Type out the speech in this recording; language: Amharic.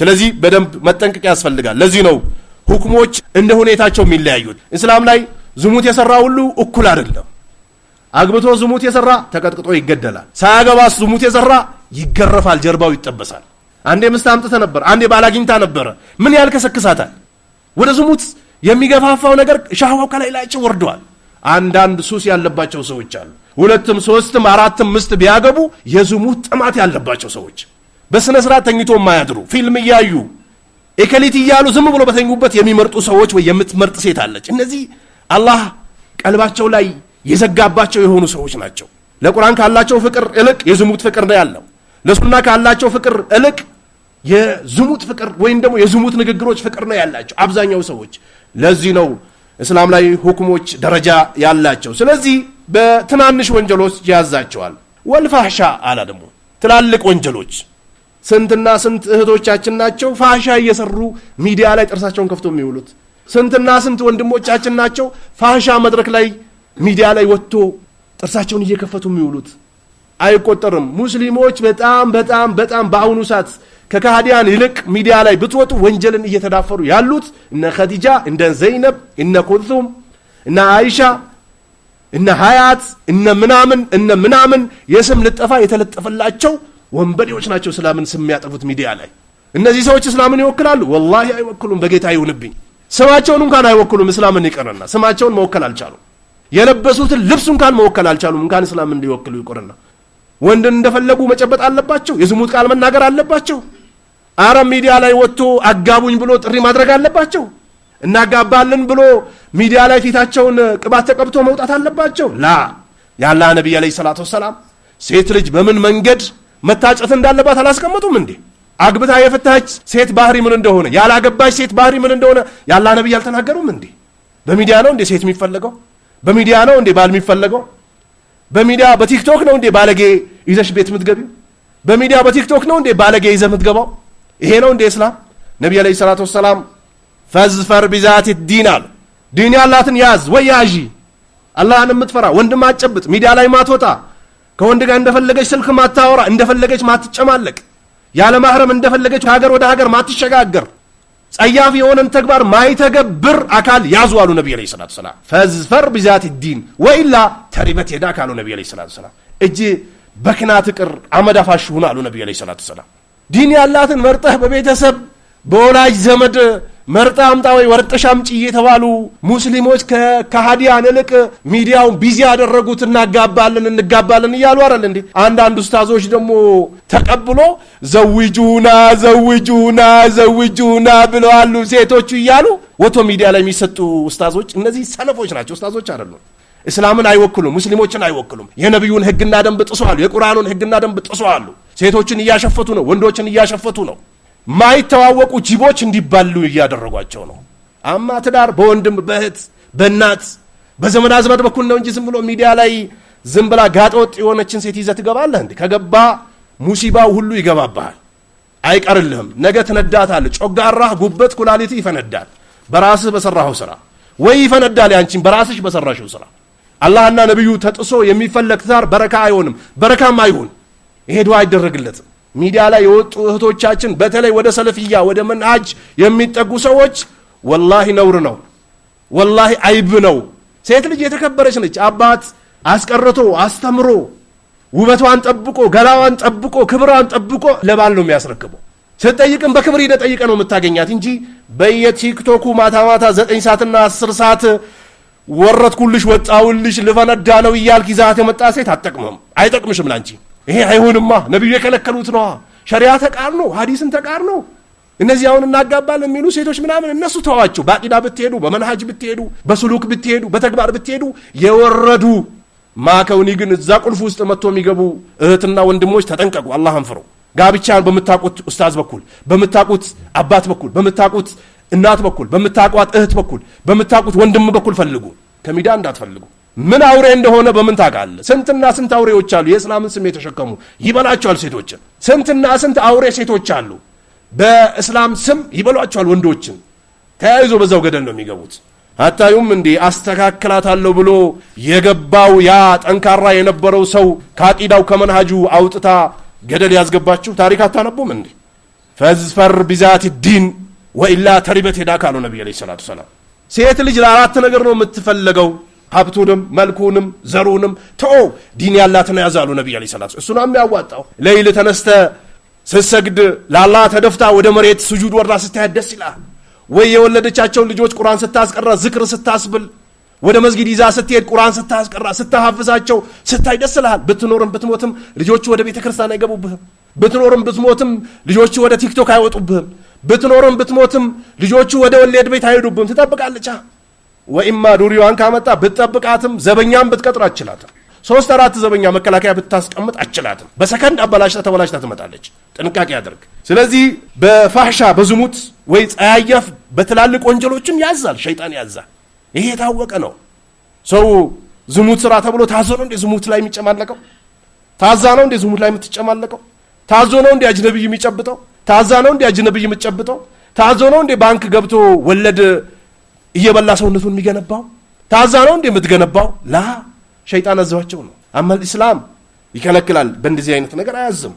ስለዚህ በደንብ መጠንቀቅ ያስፈልጋል። ለዚህ ነው ሁክሞች እንደ ሁኔታቸው የሚለያዩት። እስላም ላይ ዝሙት የሰራ ሁሉ እኩል አይደለም። አግብቶ ዝሙት የሰራ ተቀጥቅጦ ይገደላል። ሳያገባስ ዝሙት የሰራ ይገረፋል፣ ጀርባው ይጠበሳል። አንዴ ምስት አምጥተ ነበር፣ አንዴ ባላግኝታ ነበረ። ምን ያህል ከሰክሳታል? ወደ ዝሙት የሚገፋፋው ነገር ሻህዋው ከላይ ላያቸው ወርደዋል። አንዳንድ ሱስ ያለባቸው ሰዎች አሉ። ሁለትም ሶስትም አራትም ምስት ቢያገቡ የዝሙት ጥማት ያለባቸው ሰዎች በስነ ስርዓት ተኝቶ የማያድሩ ፊልም እያዩ ኤከሊት እያሉ ዝም ብሎ በተኙበት የሚመርጡ ሰዎች ወይ የምትመርጥ ሴት አለች። እነዚህ አላህ ቀልባቸው ላይ የዘጋባቸው የሆኑ ሰዎች ናቸው። ለቁርአን ካላቸው ፍቅር እልቅ የዝሙት ፍቅር ነው ያለው። ለሱና ካላቸው ፍቅር እልቅ የዝሙት ፍቅር ወይም ደግሞ የዝሙት ንግግሮች ፍቅር ነው ያላቸው አብዛኛው ሰዎች። ለዚህ ነው እስላም ላይ ሁክሞች ደረጃ ያላቸው። ስለዚህ በትናንሽ ወንጀሎች ያዛቸዋል። ወልፋህሻ አላ ደግሞ ትላልቅ ወንጀሎች ስንትና ስንት እህቶቻችን ናቸው ፋሻ እየሰሩ ሚዲያ ላይ ጥርሳቸውን ከፍቶ የሚውሉት? ስንትና ስንት ወንድሞቻችን ናቸው ፋሻ መድረክ ላይ ሚዲያ ላይ ወጥቶ ጥርሳቸውን እየከፈቱ የሚውሉት? አይቆጠርም። ሙስሊሞች በጣም በጣም በጣም በአሁኑ ሰዓት ከካህዲያን ይልቅ ሚዲያ ላይ ብትወጡ ወንጀልን እየተዳፈሩ ያሉት እነ ኸዲጃ፣ እነ ዘይነብ፣ እነ ኩልቱም፣ እነ አይሻ፣ እነ ሀያት፣ እነ ምናምን እነ ምናምን የስም ልጠፋ የተለጠፈላቸው ወንበዴዎች ናቸው እስላምን ስም የሚያጠፉት ሚዲያ ላይ እነዚህ ሰዎች እስላምን ይወክላሉ ወላሂ አይወክሉም በጌታ ይሁንብኝ ስማቸውን እንኳን አይወክሉም እስላምን ይቀርና ስማቸውን መወከል አልቻሉም የለበሱትን ልብስ እንኳን መወከል አልቻሉም እንኳን እስላምን ሊወክሉ ይቆርና ወንድን እንደፈለጉ መጨበጥ አለባቸው የዝሙት ቃል መናገር አለባቸው አረብ ሚዲያ ላይ ወጥቶ አጋቡኝ ብሎ ጥሪ ማድረግ አለባቸው እናጋባለን ብሎ ሚዲያ ላይ ፊታቸውን ቅባት ተቀብቶ መውጣት አለባቸው ላ የአላህ ነቢይ አለይሂ ሰላቱ ወሰላም ሴት ልጅ በምን መንገድ መታጨት እንዳለባት አላስቀመጡም እንዴ? አግብታ የፈታች ሴት ባህሪ ምን እንደሆነ፣ ያላገባች ሴት ባህሪ ምን እንደሆነ ያላ ነቢይ አልተናገሩም እንዴ? በሚዲያ ነው እንዴ ሴት የሚፈለገው? በሚዲያ ነው እንዴ ባል የሚፈለገው? በሚዲያ በቲክቶክ ነው እንዴ ባለጌ ይዘሽ ቤት የምትገቢው? በሚዲያ በቲክቶክ ነው እንዴ ባለጌ ይዘ የምትገባው? ይሄ ነው እንዴ እስላም? ነቢይ ዓለይሂ ሰላቱ ወሰላም ፈዝፈር ቢዛት ዲን አሉ። ዲን ያላትን ያዝ ወይ ያዢ፣ አላህን የምትፈራ ወንድም አጨብጥ፣ ሚዲያ ላይ ማትወጣ ከወንድ ጋር እንደፈለገች ስልክ ማታወራ፣ እንደፈለገች ማትጨማለቅ፣ ያለ ማህረም እንደፈለገች ከሀገር ወደ ሀገር ማትሸጋገር፣ ጸያፍ የሆነን ተግባር ማይተገብር አካል ያዙ አሉ ነቢ ለ ሰላት ሰላም። ፈዝፈር ብዛት ዲን ወኢላ ተሪበት ሄዳ ካሉ ነቢ ለ ሰላት ሰላም። እጅ በክናት ቅር አመዳፋሽ ሁን አሉ ነቢ ለ ሰላት ሰላም። ዲን ያላትን መርጠህ በቤተሰብ በወላጅ ዘመድ መርጣ አምጣ ወይ ወርጥሽ አምጪ የተባሉ ሙስሊሞች ከካሃዲያን ይልቅ ሚዲያውን ቢዚ ያደረጉት እናጋባለን እንጋባለን እያሉ አይደል እንዴ? አንዳንድ ኡስታዞች ደግሞ ተቀብሎ ዘውጁና ዘውጁና ዘውጁና ብለዋሉ ሴቶቹ እያሉ ወቶ ሚዲያ ላይ የሚሰጡ ኡስታዞች እነዚህ ሰለፎች ናቸው። ኡስታዞች አይደሉም። እስላምን አይወክሉም። ሙስሊሞችን አይወክሉም። የነቢዩን ህግና ደንብ ጥሶ አሉ። የቁርአኑን ህግና ደንብ ጥሶ አሉ። ሴቶችን እያሸፈቱ ነው። ወንዶችን እያሸፈቱ ነው። ማይተዋወቁ ጅቦች እንዲባሉ እያደረጓቸው ነው። አማ ትዳር በወንድም በእህት በእናት በዘመድ አዝማድ በኩል ነው እንጂ ዝም ብሎ ሚዲያ ላይ ዝም ብላ ጋጠወጥ የሆነችን ሴት ይዘህ ትገባለህ እንዴ? ከገባ ሙሲባው ሁሉ ይገባብሃል፣ አይቀርልህም። ነገ ትነዳታለህ። ጮጋራህ ጉበት፣ ኩላሊት ይፈነዳል በራስህ በሰራኸው ስራ፣ ወይ ይፈነዳል ያንቺን በራስሽ በሰራሽው ስራ። አላህና ነቢዩ ተጥሶ የሚፈለግ ትዳር በረካ አይሆንም፣ በረካም አይሆን። ይሄ ዱዓ አይደረግለትም። ሚዲያ ላይ የወጡ እህቶቻችን በተለይ ወደ ሰለፍያ ወደ መንሃጅ የሚጠጉ ሰዎች ወላሂ ነውር ነው፣ ወላሂ አይብ ነው። ሴት ልጅ የተከበረች ነች። አባት አስቀርቶ አስተምሮ ውበቷን ጠብቆ ገላዋን ጠብቆ ክብሯን ጠብቆ ለባል ነው የሚያስረክበው። ስትጠይቅም በክብር ሂደ ጠይቀ ነው የምታገኛት እንጂ በየቲክቶኩ ማታ ማታ ዘጠኝ ሰዓትና አስር ሰዓት ወረትኩልሽ ወጣውልሽ ልፈነዳ ነው እያልክ ይዛት የመጣ ሴት አጠቅምም አይጠቅምሽም ላንቺ ይሄ አይሆንማ፣ ነቢዩ የከለከሉት ነዋ። ሸሪያ ተቃርኖ ሀዲስን ተቃርኖ እነዚህ አሁን እናጋባለን የሚሉ ሴቶች ምናምን እነሱ ተዋቸው። በአቂዳ ብትሄዱ፣ በመንሃጅ ብትሄዱ፣ በስሉክ ብትሄዱ፣ በተግባር ብትሄዱ የወረዱ ማከውኒ ግን እዛ ቁልፍ ውስጥ መጥቶ የሚገቡ እህትና ወንድሞች ተጠንቀቁ፣ አላህን ፍሩ። ጋብቻን በምታቁት ኡስታዝ በኩል በምታቁት አባት በኩል በምታቁት እናት በኩል በምታቋት እህት በኩል በምታቁት ወንድም በኩል ፈልጉ፣ ከሚዳ እንዳትፈልጉ። ምን አውሬ እንደሆነ በምን ታውቃለህ? ስንትና ስንት አውሬዎች አሉ የእስላምን ስም የተሸከሙ ይበላቸዋል ሴቶችን። ስንትና ስንት አውሬ ሴቶች አሉ በእስላም ስም ይበሏቸዋል ወንዶችን። ተያይዞ በዛው ገደል ነው የሚገቡት። አታዩም እንዲህ አስተካክላታለሁ ብሎ የገባው ያ ጠንካራ የነበረው ሰው ከአቂዳው ከመንሃጁ አውጥታ ገደል ያስገባችሁ ታሪክ አታነቡም እንዴ? ፈዝፈር ቢዛት ዲን ወኢላ ተሪበት ሄዳ ካሉ ነቢ ዐለይሂ ሰላቱ ሰላም ሴት ልጅ ለአራት ነገር ነው የምትፈለገው ሀብቱንም መልኩንም ዘሩንም ትኦ ዲን ያላት ነው ያዛሉ ነቢ ለ ስላት እሱ ነው የሚያዋጣው። ለይል ተነስተ ስሰግድ ለአላህ ተደፍታ ወደ መሬት ስጁድ ወርዳ ስታያት ደስ ይላል ወይ? የወለደቻቸውን ልጆች ቁርአን ስታስቀራ ዝክር ስታስብል ወደ መስጊድ ይዛ ስትሄድ ቁርአን ስታስቀራ ስታሐፍዛቸው ስታይ ደስ ይልሃል። ብትኖርም ብትሞትም ልጆቹ ወደ ቤተ ክርስቲያን አይገቡብህም። ብትኖርም ብትሞትም ልጆቹ ወደ ቲክቶክ አይወጡብህም። ብትኖርም ብትሞትም ልጆቹ ወደ ወሌድ ቤት አይሄዱብህም። ትጠብቃለቻ ወኢማ ዱሪዋን ካመጣ ብትጠብቃትም ዘበኛም ብትቀጥር አችላትም። ሶስት አራት ዘበኛ መከላከያ ብታስቀምጥ አችላትም። በሰከንድ አበላሽታ ተበላሽታ ትመጣለች። ጥንቃቄ አድርግ። ስለዚህ በፋሻ በዝሙት ወይ ጸያፍ በትላልቅ ወንጀሎችም ያዛል፣ ሸይጣን ያዛል። ይሄ የታወቀ ነው። ሰው ዝሙት ስራ ተብሎ ታዞ ነው እንዴ ዝሙት ላይ የሚጨማለቀው? ታዛ ነው እንዴ ዝሙት ላይ የምትጨማለቀው? ታዞ ነው እንዴ አጅነብይ የሚጨብጠው? ታዛ ነው እንዴ አጅነብይ የምትጨብጠው? ታዞ ነው እንዴ ባንክ ገብቶ ወለድ እየበላ ሰውነቱን የሚገነባው ታዛ ነው እንዴ የምትገነባው ላ ሸይጣን አዘዋቸው ነው። አመል ኢስላም ይከለክላል። በእንደዚህ አይነት ነገር አያዝም።